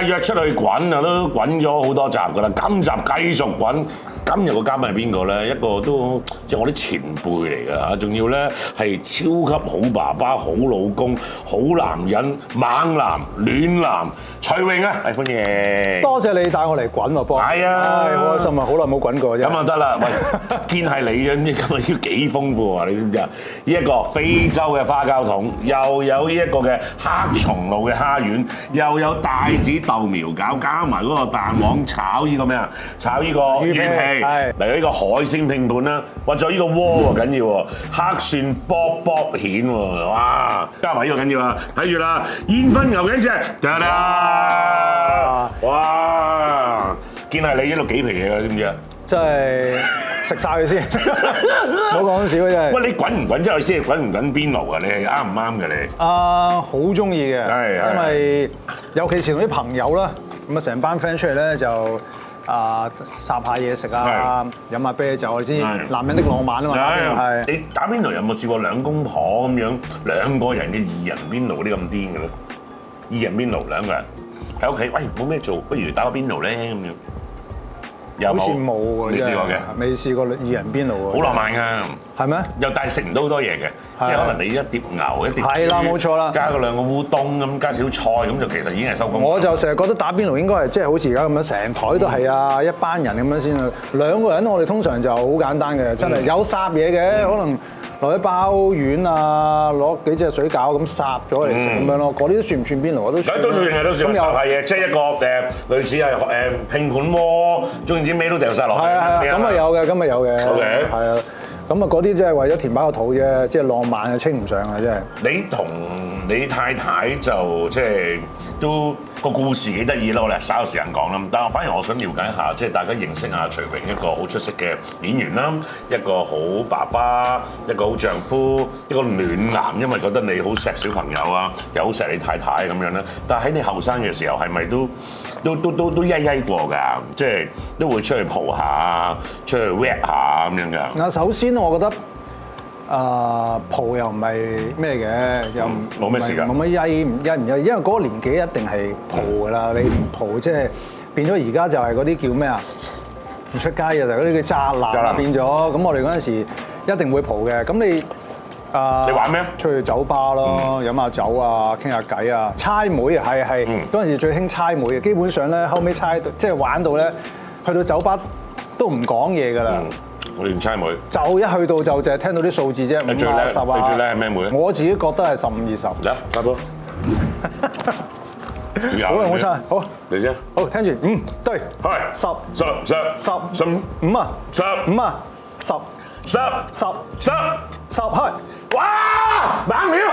約出去滾啊都滾咗好多集噶啦，今集繼續滾。今日個嘉賓係邊個呢？一個都即係我啲前輩嚟㗎，仲要呢，係超級好爸爸、好老公、好男人、猛男、暖男。徐榮啊，係歡迎，多謝你帶我嚟滾喎、啊，波。係啊，哎、開心啊，好耐冇滾過就，今日得啦，喂，見係你啊，咁啊，要幾豐富啊，你知唔知啊？呢、這、一個非洲嘅花膠桶，又有呢一個嘅黑松露嘅蝦丸，又有帶子豆苗餃，加埋嗰個蛋黃炒呢個咩啊？炒呢個魚片皮，嚟咗呢個海鮮拼盤啦，或仲呢依個鍋喎，緊要喎、啊，黑蒜卜卜蜆喎，哇！加埋呢個緊要啊，睇住啦，煙燻牛頸脊，嗒嗒。啊！哇！見下你一度幾皮嘢㗎，知唔知啊？即係食晒佢先，冇講咁少啫。喂，你滾唔滾出去先？滾唔滾邊爐啊？你係啱唔啱嘅你？啊，好中意嘅，因為尤其是同啲朋友啦，咁啊成班 friend 出嚟咧就啊，霎下嘢食啊，飲下啤酒，知男人的浪漫啊嘛。係你打邊爐有冇試過兩公婆咁樣兩個人嘅二人邊爐嗰啲咁癲嘅咧？二人邊爐兩個人喺屋企。喂，冇咩做，不如打個邊爐咧咁樣。有冇？好似冇喎，你試過嘅？未試過二人邊爐喎。好浪漫㗎。係咩嗎？又但係食唔到好多嘢嘅，嗎即係可能你一碟牛一碟魚。係啦，冇錯啦。加個兩個烏冬咁，嗯、加少菜咁就其實已經係收工。我就成日覺得打邊爐應該係即係好似而家咁樣，成台都係啊，嗯、一班人咁樣先啊。兩個人我哋通常就好簡單嘅，真係有烚嘢嘅可能。攞啲包丸啊，攞幾隻水餃咁烚咗嚟食咁樣咯，嗰啲都算唔算邊爐？我都算。都算係都、嗯、算烚係嘅，有即一個誒，類似係誒拼盤鍋，總言之，咩都掉晒落去。係啊，咁啊有嘅，咁啊有嘅。有係啊，咁啊嗰啲即係為咗填飽個肚啫，即、就、係、是、浪漫啊，稱唔上啊，即係。你同你太太就即係。就是都個故事幾得意咯，我哋稍有時間講啦。但係反而我想了解一下，即係大家認識下徐榮一個好出色嘅演員啦，一個好爸爸，一個好丈夫，一個暖男。因為覺得你好錫小朋友啊，又好錫你太太咁樣啦。但係喺你後生嘅時候，係咪都都都都都曳曳過㗎？即係都會出去蒲下，出去 rap 下咁樣㗎？嗱，首先我覺得。啊，蒲又唔係咩嘅，又冇咩時間，冇乜曳，曳唔曳？因為嗰個年紀一定係蒲噶啦，你唔蒲即係變咗而家就係嗰啲叫咩啊？唔出街啊，就嗰啲叫宅男啊，嗯、變咗。咁我哋嗰陣時一定會蒲嘅。咁你啊，uh, 你玩咩？出去酒吧咯，飲下、嗯、酒啊，傾下偈啊。猜枚啊，係係，嗰、嗯、時最興猜枚嘅。基本上咧，後尾猜枚即係、就是、玩到咧，去到酒吧都唔講嘢噶啦。我哋唔猜枚，就一去到就淨係聽到啲數字啫，五啊十啊，你最叻係咩枚？我自己覺得係十五二十。嚟啊，大哥，好啊，我猜，好嚟先，好聽住，五對，係十十十十五五啊，十五啊，十十十十十，開哇，猛料，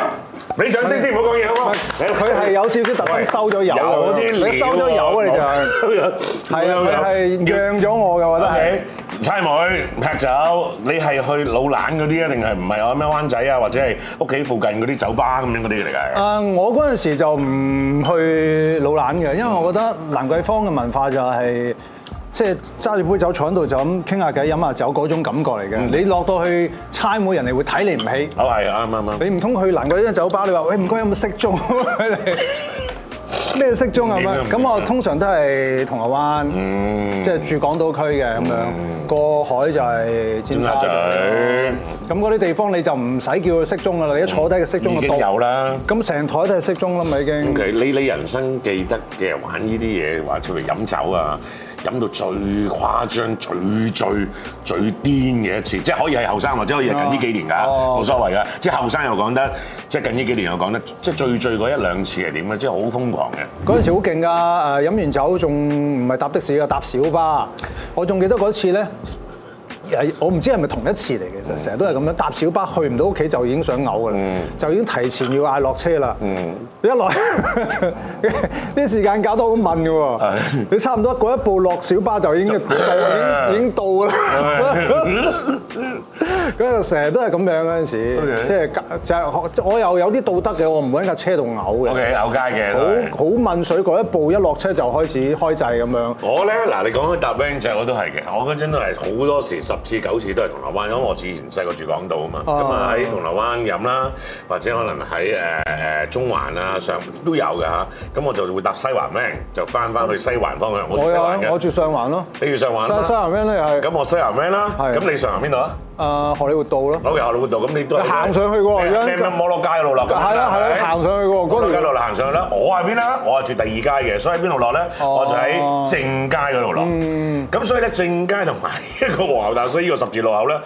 俾掌聲先，唔好講嘢好冇？佢係有少少特登收咗油嗰啲，你收咗油你就係，係你係讓咗我嘅，我覺得係。差妹劈酒，你係去老蘭嗰啲啊，定係唔係有咩灣仔啊，或者係屋企附近嗰啲酒吧咁樣嗰啲嚟㗎？啊、呃，我嗰陣時就唔去老蘭嘅，因為我覺得蘭桂坊嘅文化就係即係揸住杯酒坐喺度就咁傾下偈飲下酒嗰種感覺嚟嘅。嗯、你落到去差妹，人哋會睇你唔起。係啊、哦，啱啱。你唔通去蘭桂坊酒吧？你話喂唔該有冇識中？啊？你咩色鐘明吧？咁樣？咁我通常都係銅鑼灣，嗯、即係住港島區嘅咁樣。嗯、過海就係尖沙咀。咁嗰啲地方你就唔使叫佢色鐘㗎啦。你一坐低佢色鐘就、嗯、已經有啦。咁成台都係色鐘。啦嘛、嗯，已經。O.K. 你你人生記得嘅玩呢啲嘢，話出嚟飲酒啊。飲到最誇張、最醉、最癲嘅一次，即係可以係後生或者可以係近呢幾年㗎，啊、哦、冇所謂㗎。對，即係後生又講得，即係近呢幾年又講得，即係最醉嗰一兩次係點啊？即係好瘋狂嘅。嗰陣時好勁㗎，誒飲完酒仲唔係搭的士啊，搭小巴。我仲記得嗰次咧。誒，我唔知係咪同一次嚟嘅，就成日都係咁樣搭小巴，去唔到屋企就已經想嘔嘅啦，嗯、就已經提前要嗌落車啦。嗯、一落來，啲 時間搞到好慢嘅喎， 你差唔多嗰一步落小巴就已經， 已經已經到嘅啦。 嗰陣成日都係咁樣嗰陣時，即係就係我又有啲道德嘅，我唔會喺架車度嘔嘅。O K. 嘔街嘅，好好問水過一步，一落車就開始開掣咁樣。我咧嗱，你講去搭 van 嘅我都係嘅，我嗰陣都係好多時十次九次都係銅鑼灣，因為我以前細個住港島啊嘛，咁啊喺銅鑼灣飲啦，或者可能喺誒中環啊上都有嘅嚇。咁我就會搭西環 van 就翻翻去西環方向，我住西環嘅。我住上環咯。你住上環？西西環 van 咧又係。咁我西環 van 啦。咁你上環邊度啊？誒，荷里活道咯，哦荷里活道。咁你都行上去過，聽唔聽摩羅街路落。啦樣？係啦係啦，行是上去過，嗰條街路行上去啦。我喺邊啦？我係住第二街嘅，所以喺邊度落咧？啊、我就喺正街嗰度落。咁所以咧，正街同埋一個皇后大道，所以呢個,個十字路口咧。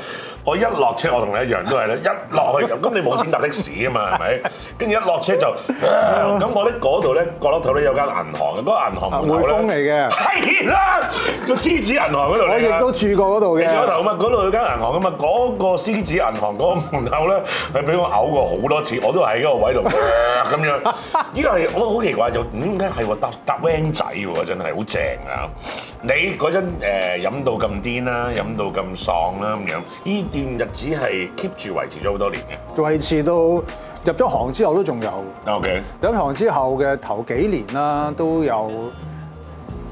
我一落車，我同你一樣都係咧，一落去咁，你冇錢搭的士啊嘛，係咪？跟住 一落車就，咁、呃、我咧嗰度咧角落頭咧有間銀行嘅，嗰、嗰個銀行門口咧。匯豐嚟嘅。係啦，嗰個獅子銀行嗰度嚟。我亦都住過嗰度嘅。住過頭吖嘛，嗰度有間銀行㗎嘛，嗰、嗰個獅子銀行嗰個門口咧係俾我嘔過好多次，我都喺嗰個位度咁、呃、樣。依個係我好奇怪，就點解係話搭搭 van 仔喎？真係好正啊！你嗰陣誒飲到咁癲啦，飲到咁爽啦咁樣，依～段日子係 keep 住維持咗好多年嘅，維持到入咗行之後都仲有。OK。入行之後嘅 Okay. 頭幾年啦，都有，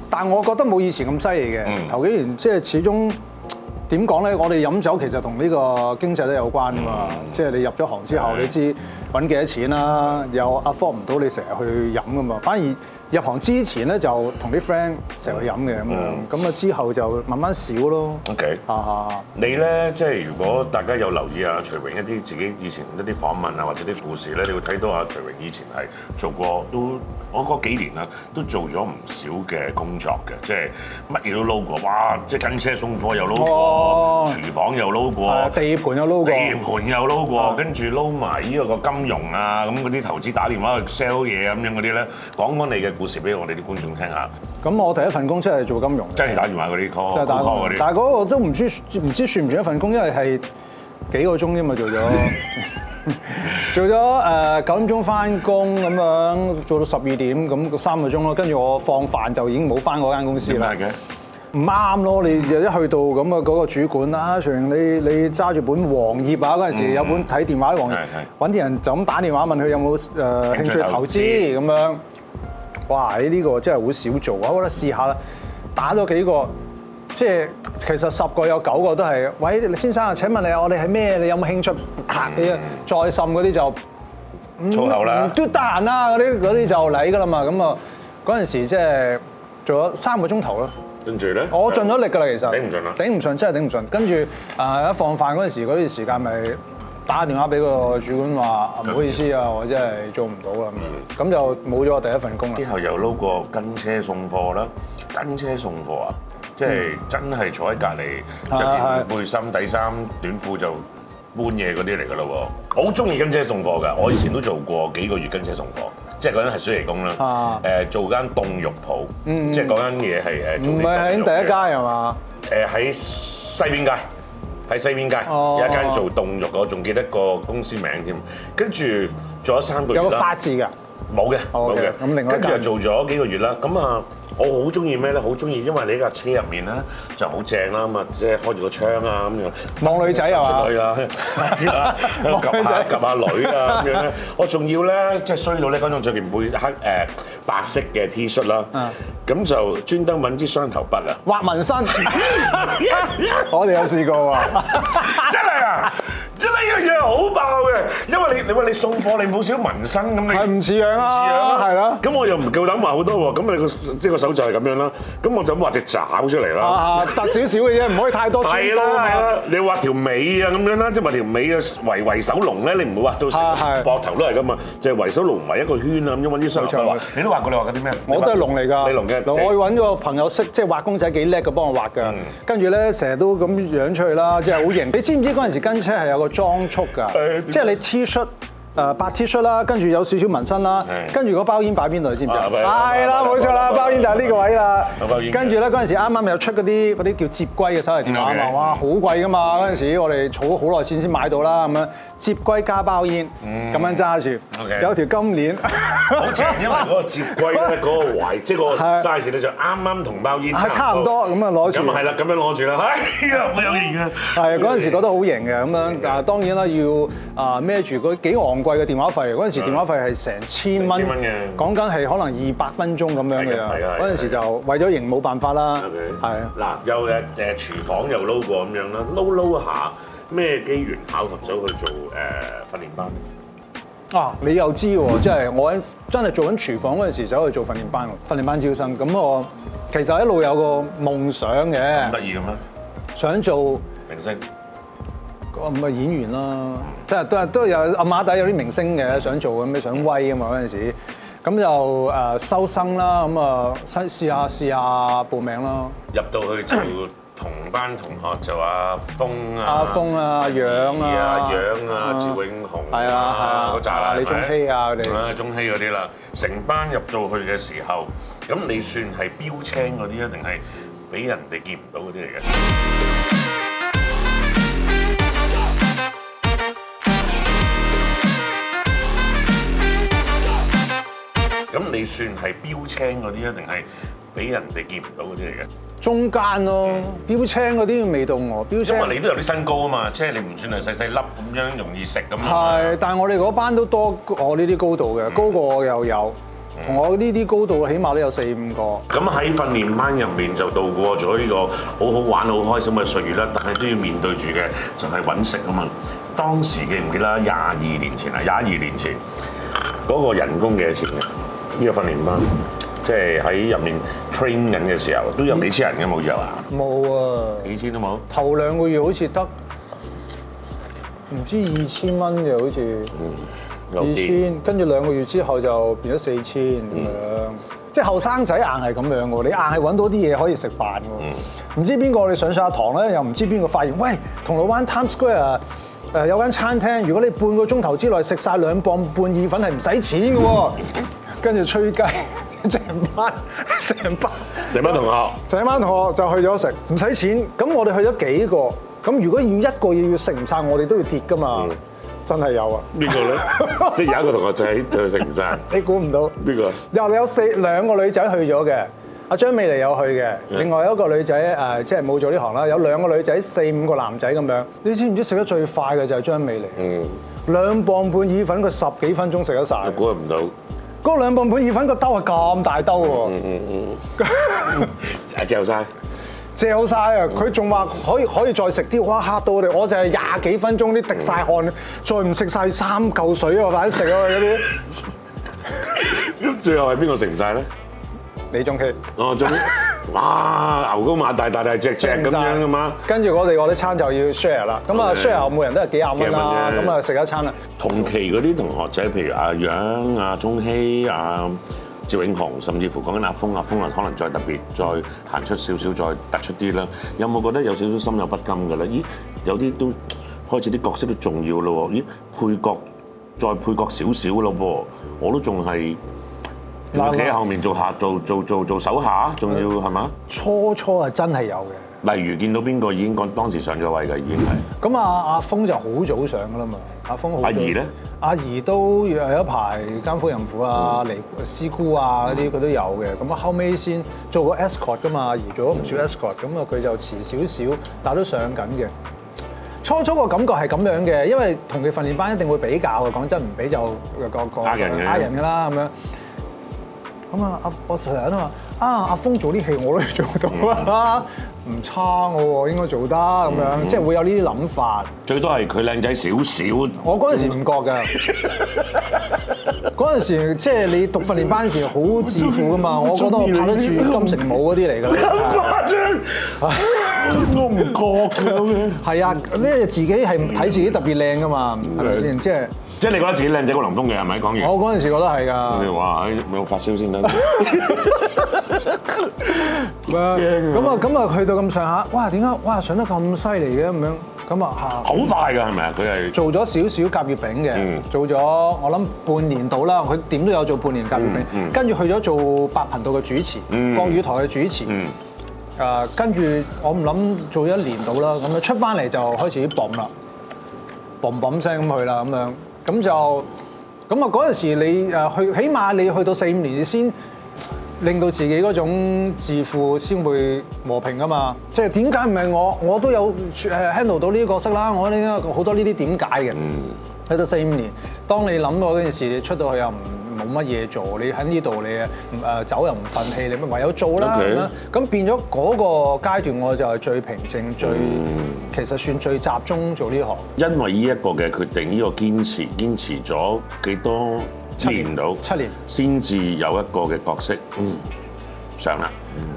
但我覺得冇以前咁犀利嘅。頭幾年即係始終點講咧，我哋飲酒其實同呢個經濟都有關㗎嘛。即係你入咗行之後，你知揾幾多錢啦、啊，又 afford 唔到你成日去飲㗎嘛。反而。入行之前咧就同啲 friend 成日飲嘅咁咯，咁啊、嗯、之後就慢慢少咯。OK，啊啊！你咧即係如果大家有留意啊徐榮一啲自己以前一啲訪問啊或者啲故事咧，你會睇到啊徐榮以前係做過都我嗰幾年啊都做咗唔少嘅工作嘅，即係乜嘢都撈過，哇！即係跟車送貨又撈過，uh, 廚房又撈過，uh, 地盤又撈過，地盤又撈過，跟住撈埋呢個金融啊咁嗰啲投資打電話去 sell 嘢咁樣嗰啲咧，講講你嘅，故事俾我哋啲觀眾聽下。咁我第一份工即係做金融，即係打電話嗰啲 call，call 啲。但係嗰個都唔知唔知算唔算一份工，因為係幾個鐘啫嘛，做咗 做咗誒九點鐘返工咁樣，做到十二點咁三個鐘咯。跟住我放飯就已經冇返嗰間公司啦。唔啱咯，你一去到咁嘅嗰個主管啦，仲、啊、要你你揸住本黃頁啊嗰陣時，有本睇電話黃頁，揾啲、嗯嗯嗯嗯嗯、人就咁打電話問佢有冇誒、呃、興趣投資咁樣。哇！喺、這、呢個真係好少做，我覺得試下啦。打咗幾個，即係其實十個有九個都係。喂，先生啊，請問你我哋係咩？你有冇興趣？拍嘅、嗯？再滲嗰啲就粗口啦、嗯，都得閒啦嗰啲啲就嚟㗎啦嘛。咁啊，嗰陣時即係做咗三個鐘頭咯。跟住咧，我盡咗力㗎啦，其實。頂唔順啊，頂唔順真係頂唔順。跟住誒一放飯嗰陣時嗰段、那個、時間咪、就是。打電話俾個主管話唔好意思啊，我真係做唔到啊。」咁，就冇咗我第一份工啦。之後又撈過跟車送貨啦、啊，跟車送貨啊，即係真係坐喺隔離，嗯、背心，對對對，背心底衫短褲就搬嘢嗰啲嚟噶咯喎。好中意跟車送貨㗎，我以前都做過幾個月跟車送貨，即係嗰陣係暑期工啦。誒、啊呃，做間凍肉鋪，嗯、即係講緊嘢係誒。唔係喺第一街係嘛？誒喺西邊街。喺西邊街、oh. 有一間做凍肉，我仲記得個公司名添。跟住做咗三個月，有冇花字㗎？冇嘅，冇嘅、oh, okay。咁、okay. 另外一間，跟住又做咗幾個月啦。咁啊。我好中意咩咧？好中意，因為你架車入面咧就好正啦嘛，即係開住個窗啊咁樣，望女仔啊嘛，出去啊，𥄫 下 𥄫 下女啊咁樣咧，我仲要咧即係衰到咧，嗰陣著唔背黑誒白色嘅 T 恤啦，咁、嗯、就專登搵支雙頭筆啊，畫紋身， 我哋有試過喎， 真係啊！呢樣嘢好爆嘅，因為你你話你送貨你冇少紋身咁，你係唔似樣啊？似樣啦，係啦。咁我又唔夠膽畫好多喎，咁你個即係手就係咁樣啦。咁我就咁畫隻爪出嚟啦。啊，凸少少嘅啫，唔可以太多。係啦，係啦。你畫條尾啊咁樣啦，即係畫條尾啊，圍圍手龍咧？你唔會畫到成膊頭都係㗎啊。就係圍手龍埋一個圈啊。咁樣揾啲收場。你都畫過，你畫緊啲咩？我都係龍嚟㗎。你龍嘅，我揾個朋友識，即係畫公仔幾叻嘅，幫我畫㗎。跟住咧，成日都咁樣出去啦，即係好型。你知唔知嗰陣時跟車係有個裝束㗎，哎、即係你 T 恤。誒白 t 恤啦，跟住有少少紋身啦，跟住個包煙擺邊度你知唔知啊？係啦，冇錯啦，包煙就係呢個位啦。跟住咧嗰陣時啱啱有出嗰啲嗰啲叫接鶴嘅手提電話啊，哇好貴㗎嘛！嗰陣時我哋儲咗好耐錢先買到啦，咁樣接鶴加包煙，咁樣揸住，有條金鏈。好正，因為嗰個折鶴咧嗰個位，即係個 size 咧就啱啱同包煙差唔多。咁啊，攞住。咁係啦，咁樣攞住啦。哎呀，好有型啊！係嗰陣時覺得好型嘅咁樣，但係當然啦，要啊孭住佢幾昂。貴嘅電話費，嗰陣時電話費係成千蚊，講緊係可能二百分鐘咁樣嘅啊。嗰陣時就為咗營冇辦法 Okay，啦，係啊，嗱、呃，又誒誒廚房又撈過咁樣啦，撈撈下咩機緣巧合走去做誒、呃、訓練班？啊，你又知喎，即係、嗯、我喺真係做緊廚房嗰陣時走去做訓練班喎，訓練班招生。咁我其實一路有一個夢想嘅，咁得意嘅咩？想做明星。個唔係演員啦，都都都有阿馬底，有啲明星嘅想做咁樣想威啊嘛。嗰陣時，咁就誒、呃、收生啦咁啊，試下試下報名咯。試試試試入到去就同班同學就阿峰、啊，阿峰、啊，楊啊，楊啊，趙、啊啊啊、永雄，係啊，嗰扎啊，宗熙啊，嗰啲啊，鍾熙嗰啲啦。成班入到去嘅時候，咁你算係標青嗰啲啊，定係俾人哋見唔到嗰啲嚟嘅？ 算係標青嗰啲一定係俾人哋見唔到嗰啲嚟嘅？中間咯、啊，標、嗯、青嗰啲未到我。青因為你都有啲身高啊嘛，嗯、即係你唔算係細細粒咁樣容易食噶嘛。係是，但係我哋嗰班都多我呢啲高度嘅，嗯、高過我又有，嗯、我呢啲高度起碼都有四五個。咁喺訓練班入面就度過咗呢個好好玩、好開心嘅歲月啦。但係都要面對住嘅就係、是、揾食啊嘛。當時記唔記得廿二年前啊？廿二年前嗰、那個人工幾多錢嘅？呢個訓練班，即係喺入面 train 緊嘅時候，都有幾千人嘅冇約啊！冇啊，幾千都冇。頭兩個月好似得唔知二千蚊嘅，好似嗯，二千。跟住兩個月之後就變咗四千兩。嗯、即係後生仔硬係咁樣嘅喎，你硬係揾到啲嘢可以食飯嘅喎。唔、嗯、知邊個你上上堂咧，又唔知邊個發現，喂，銅鑼灣 Times Square 誒有間餐廳，如果你半個鐘頭之內食晒兩磅半意粉，係唔使錢嘅喎。嗯。跟住吹雞，成班成班成班同學，成班同學就去咗食，唔使錢。咁我哋去咗幾個，咁如果要一個嘢要食唔晒，我哋都要跌噶嘛，嗯、真係有啊。邊個咧？ 即係有一個同學就係就食唔晒，你估唔到？邊個呢？又話你，你有四兩個女仔去咗嘅，阿張美妮有去嘅，另外一個女仔誒、呃，即係冇做呢行啦。有兩個女仔，四五個男仔咁樣。你知唔知食得最快嘅就係張美妮？嗯，兩磅半意粉，佢十幾分鐘食得晒。估唔到。嗰兩半盆意粉個兜係咁大兜喎，啊、嗯，嚼、嗯、好曬，嚼好曬啊！佢仲話可以可以再食啲，哇！嚇到我哋，我就係廿幾分鐘啲滴晒汗，嗯、再唔食晒三嚿水我反食啊！有啲，最後係邊個食唔曬咧？李中希，哦，哦中， 哇，牛高馬大，大大隻隻咁樣噶嘛？跟住我哋嗰啲餐就要 share 啦，咁啊 share 每個人都有幾廿蚊啦，咁啊食一餐啦。同期嗰啲同學仔，譬如阿、啊、楊、阿、啊、中希、阿、啊、趙永雄，甚至乎講緊阿峯、阿峯啊，可能再特別，再行出少少，再突出啲啦。有冇覺得有少少心有不甘噶啦？咦，有啲都開始啲角色都重要咯喎，咦配角再配角少少咯噃，我都仲係。你企喺後面做下做做做做手下，仲要係嘛？初初啊，真係有嘅。例如見到邊個已經講當時上咗位嘅，已經係。咁啊，阿峰就好早上噶啦嘛，阿峰好早。阿怡咧？阿怡都有一排姦夫淫婦啊、嚟師姑啊嗰啲，佢都有嘅。咁啊，後尾先做過 escort 噶嘛，阿怡做咗唔少 escort，咁啊佢就遲少少，但都上緊嘅。初初個感覺係咁樣嘅，因為同佢訓練班一定會比較嘅。講真唔比就個個呃人嘅啦，咁樣。咁啊，啊！阿我成日都話啊！阿峰做啲戲我都要做到啦，唔、mm. 差我喎，應該做得咁樣，mm. 即係會有呢啲諗法。最多係佢靚仔少少。我嗰陣時唔覺㗎。嗰陣 時即係、就是、你讀訓練班時好自負㗎嘛，我覺得我睇得住金城武嗰啲嚟㗎。咁誇張？我唔覺嘅。係啊，呢自己係睇自己特別靚㗎嘛，係咪先？即、就、係、是。即係你覺得自己靚仔過林峯嘅係咪？講完，我嗰陣時覺得係㗎。你話啊，未有發燒先得。咁啊，咁啊，去到咁上下，哇！點解哇上得咁犀利嘅咁樣？咁啊，下好快㗎係咪啊？佢係做咗少少甲乙丙嘅，嗯、做咗我諗半年到啦。佢點都有做半年甲乙丙，跟住、嗯嗯、去咗做八頻道嘅主持，國語、嗯、台嘅主持。誒、嗯嗯，跟住我唔諗做一年到啦。咁樣出翻嚟就開始 boom 啦 boom boom 聲咁去啦，咁樣。咁就咁啊！嗰陣時你誒去，起碼你去到四五年你先令到自己嗰種自負先會和平啊嘛！即係點解唔係我？我都有誒 handle 到呢個角色啦！我呢個好多呢啲點解嘅，嗯、去到四五年，當你諗到嗰件事，你出到去又唔～乜嘢做？你喺呢度，你啊誒走又唔忿氣，你咪唯有做啦咁啊！咁 Okay. 變咗嗰個階段，我就係最平靜、嗯、最其實算最集中做呢行。因為呢一個嘅決定，呢、呢個堅持，堅持咗幾多七年到七年，先至年有一個嘅角色嗯，上啦。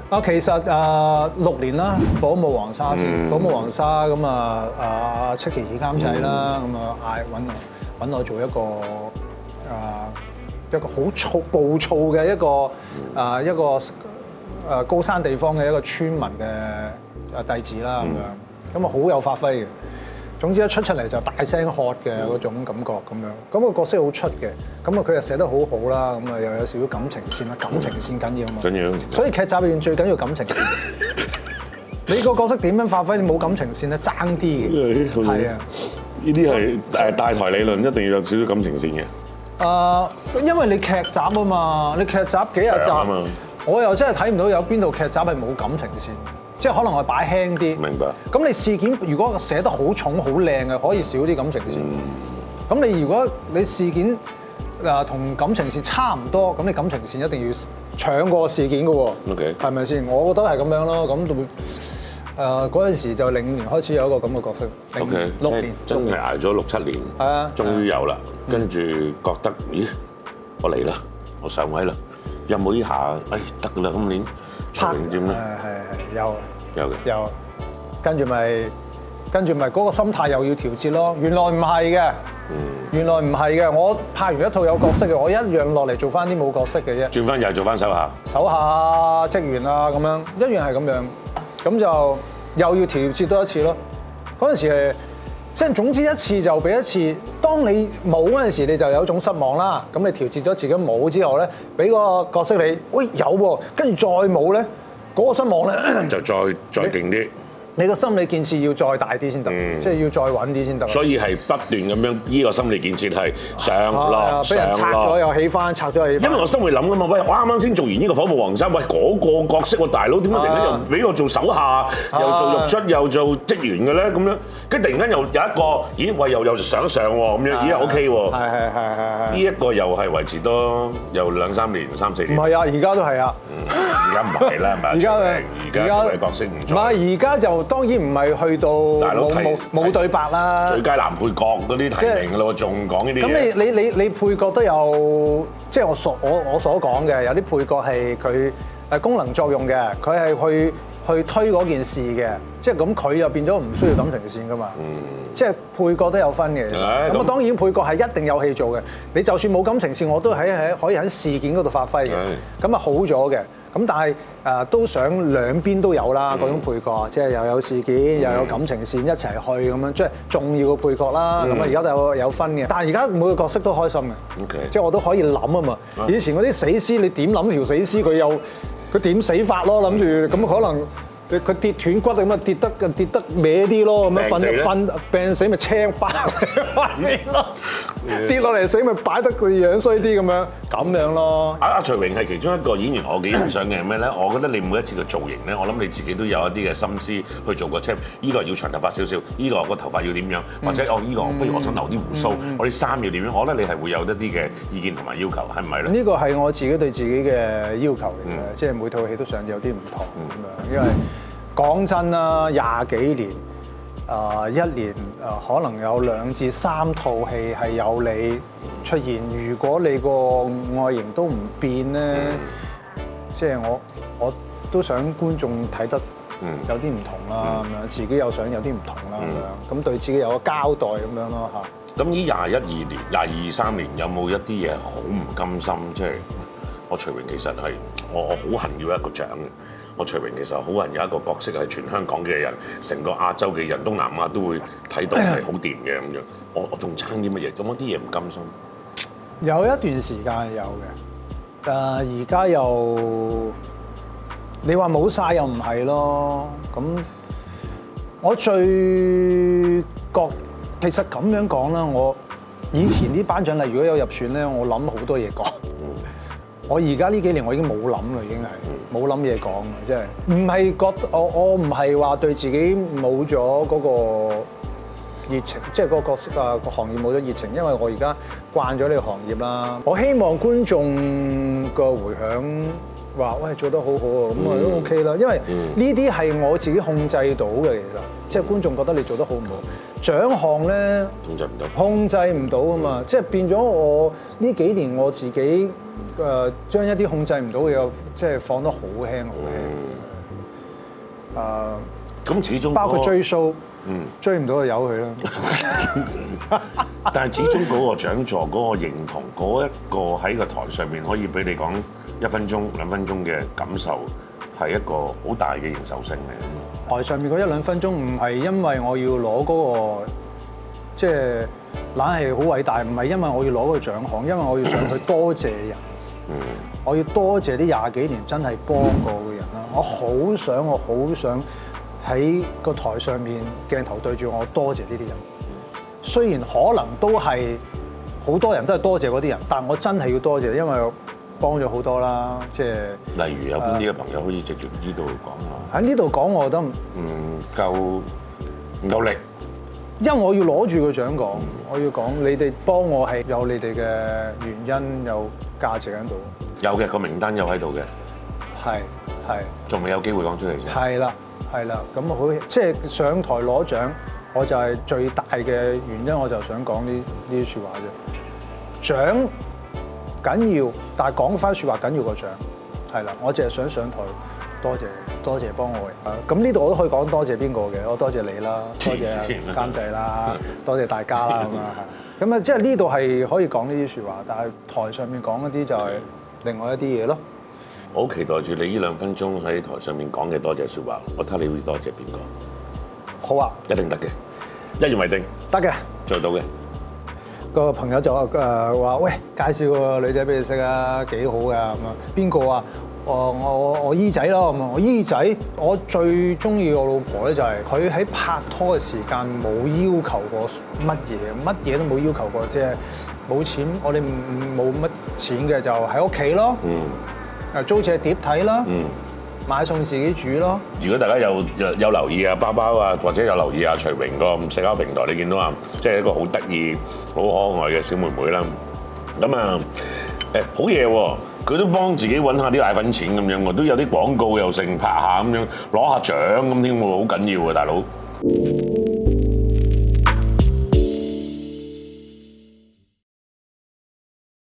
啊、嗯，其實啊，六、呃、年啦，火舞黃沙先，嗯、火舞黃沙咁啊啊，戚其義監製啦，咁啊嗌揾我揾我做一個啊。一個好粗暴躁嘅一個啊一個誒高山地方嘅一個村民嘅弟子啦咁樣，咁啊好有發揮嘅。總之一出出嚟就大聲喝嘅嗰種感覺咁樣，咁個角色好出嘅。咁啊佢又寫得好好啦，咁啊又有少少感情線啦，感情線緊要啊嘛。緊要。所以劇集裏面最緊要感情線。你個角色點樣發揮？你冇感情線咧，爭啲嘅。係啊，呢啲係誒大台理論，一定要有少少感情線嘅。誒，uh, 因為你劇集啊嘛，你劇集幾廿集，我又真係睇唔到有邊度劇集係冇感情線，即係可能係擺輕啲。明白。咁你事件如果寫得好重好靚嘅，可以少啲感情線。咁、嗯、你如果你事件嗱同、呃、感情線差唔多，咁你感情線一定要搶過事件㗎喎。OK。係咪先？我覺得係咁樣咯。咁就會。誒嗰陣時就零五年開始有一個咁嘅角色，六年真係捱咗六七年，係啊，終於有啦。跟住覺得咦，我嚟啦，我上位啦，有冇呢下，誒得㗎啦，今年，出點咧？係係係，有有有，跟住咪跟住咪嗰個心態又要調節咯。原來唔係嘅，原來唔係嘅，我拍完一套有角色嘅，我一樣落嚟做翻啲冇角色嘅啫。轉翻又係做翻手下，手下職員啊，咁樣一樣係咁樣。咁就又要調節多一次咯。嗰陣時，即係總之一次就俾一次。當你冇嗰陣時，你就有一種失望啦。咁你調節咗自己冇之後咧，俾個角色你，喂有喎，啊。跟住再冇咧，嗰、嗰個失望咧、呃、就再再勁啲你。你個心理建設要再大啲先得，即係要再穩啲先得。所以係不斷咁樣，呢個心理建設係上落上落，俾人拆咗又起翻，拆咗又起。因為我心裏諗㗎嘛，喂，我啱啱先做完呢個《火舞黃沙》，喂，嗰個角色我大佬點解突然間又俾我做手下，又做肉出，又做職員嘅咧？咁樣跟住突然間又有一個，咦？喂，又又想上喎，咁樣咦？O K 喎，係係係係，呢一個又係維持多又兩三年、三四年。唔係啊，而家都係啊，而家唔係啦，係咪？而家而家做嘅角色唔再。係而家就。當然唔係去到冇冇對白啦，最佳男配角嗰啲提名㗎啦、就是，仲講你呢啲咁。你你你你配角都有，即、就、係、是、我，我所我我所講嘅，有啲配角係佢誒功能作用嘅，佢係去去推嗰件事嘅，即係咁佢又變咗唔需要感情線㗎嘛。嗯、即係配角都有分嘅。咁啊、嗯，當然、嗯、配角係一定有戲做嘅。你就算冇感情線，我都喺喺可以喺事件嗰度發揮嘅。咁啊，好咗嘅。咁但係誒、呃、都想兩邊都有啦，嗰、嗯、種配角，即係又有事件、嗯、又有感情線一齊去咁樣，即係重要嘅配角啦。咁啊、嗯，而家都係有，有分嘅。但係而家每個角色都開心嘅，Okay. 即係我都可以諗啊嘛。以前嗰啲死屍，你點諗條死屍？佢又，佢點死法咯？諗住咁可能。佢跌斷骨啊，咁啊，跌得跌得歪啲咯咁樣。瞓瞓病死咪青翻翻咯，跌落嚟死咪擺得佢樣衰啲咁樣咁樣咯。阿、阿徐榮係其中一個演員，我幾欣賞嘅係咩咧？我覺得你每一次嘅造型咧，我諗你自己都有一啲嘅心思去做個 check。依個要長頭髮少少，依個個頭髮要點樣，或者哦依個不如我想留啲鬍鬚，我啲衫要點樣？我覺得你係會有一啲嘅意見同埋要求，係唔係咧？呢個係我自己對自己嘅要求嚟嘅，即係每套戲都想有啲唔同咁樣，因為。講真啦，廿幾年，誒一年誒可能有兩至三套戲係有你出現。如果你個外形都唔變咧，嗯、即係我我都想觀眾睇得有啲唔同啦咁樣，嗯、自己又想有啲唔同啦咁樣，咁、嗯、對自己有個交代咁樣咯嚇。咁呢、嗯，廿一二年、廿二三年有冇一啲嘢好唔甘心？嗯、即係我徐榮其實係我好恨要一個獎。我徐榮其實好難有一個角色係全香港嘅人，成個亞洲嘅人、東南亞都會睇到係好掂嘅咁樣。我我仲爭啲乜嘢？咁我啲嘢唔甘心。有一段時間係有嘅，誒而家又你話冇晒，又唔係咯。咁我最覺其實咁樣講啦，我以前啲頒獎禮如果有入選咧，我諗好多嘢講。我而家呢幾年我已經冇諗啦，已經係冇諗嘢講啊！即係唔係覺得我我唔係話對自己冇咗嗰個熱情，即係個角色啊個行業冇咗熱情，因為我而家慣咗呢個行業啦。我希望觀眾嘅回響。話喂，做得好好啊，咁啊都 OK 啦，因為呢啲係我自己控制到嘅，其實即係觀眾覺得你做得好唔好，獎項咧控制唔到，控制唔到啊嘛，嗯、即係變咗我呢幾年我自己誒將、呃、一啲控制唔到嘅，即係放得好輕嘅，誒咁、嗯啊、始終、那個、包括追數嗯， 追唔到就由佢啦。但係始終嗰個獎座、嗰、嗰個認同、嗰、嗰、一個喺個台上面可以俾你講。一分鐘兩分鐘嘅感受係一個好大嘅，營收升嘅台上面嗰一兩分鐘，唔係因為我要攞嗰個即係，冷氣好偉大，唔係因為我要攞嗰個獎項，因為我要上去多謝人。嗯， 我要多謝啲廿幾年真係幫過嘅人啦。我好想我好想喺個台上面鏡頭對住我多謝呢啲人。雖然可能都係好多人都係多謝嗰啲人，但我真係要多謝，因為。幫咗好多啦，即係例如有邊啲嘅朋友可以直接呢度講下。喺呢度講，我覺得唔夠唔夠力，因為我要攞住個獎講，嗯、我要講你哋幫我係有你哋嘅原因有價值喺度。有嘅個名單又喺度嘅，係係，仲未有機會講出嚟。係啦，係啦，咁好即係上台攞獎，我就係最大嘅原因，我就想講呢呢啲説話啫。獎。緊要，但係講翻説話緊要個獎，係啦。我淨係想上台，多謝多謝幫我。咁呢度我都可以講多謝邊個嘅，我多謝你啦，多謝監製啦，多謝大家啦咁樣。咁啊，即係呢度係可以講呢啲説話，但係台上面講嗰啲就係另外一啲嘢咯。我好期待住你呢兩分鐘喺台上面講嘅多謝説話，我睇下你會多謝邊個。好啊，一定得嘅，一言為定，得嘅，做到嘅。個朋友就話誒，話喂，介紹個女仔俾你識啊，幾好㗎咁啊！邊個啊？誒、呃、我我，我姨仔咯，我姨仔，我最中意我老婆咧就係佢喺拍拖嘅時間冇要求過乜嘢，乜嘢都冇要求過，即係冇錢，我哋冇乜錢嘅就喺屋企咯，啊、嗯、租住碟睇啦。嗯嗯買餸自己煮咯！如果大家有有，有留意啊包包啊，或者有留意啊徐榮個社交平台，你見到啊，即係一個好得意、好可愛嘅小妹妹啦。咁啊，誒好嘢喎！佢都幫自己揾下啲奶粉錢咁樣我都有啲廣告又成，拍下咁樣攞下獎咁添喎，好緊要啊，大佬。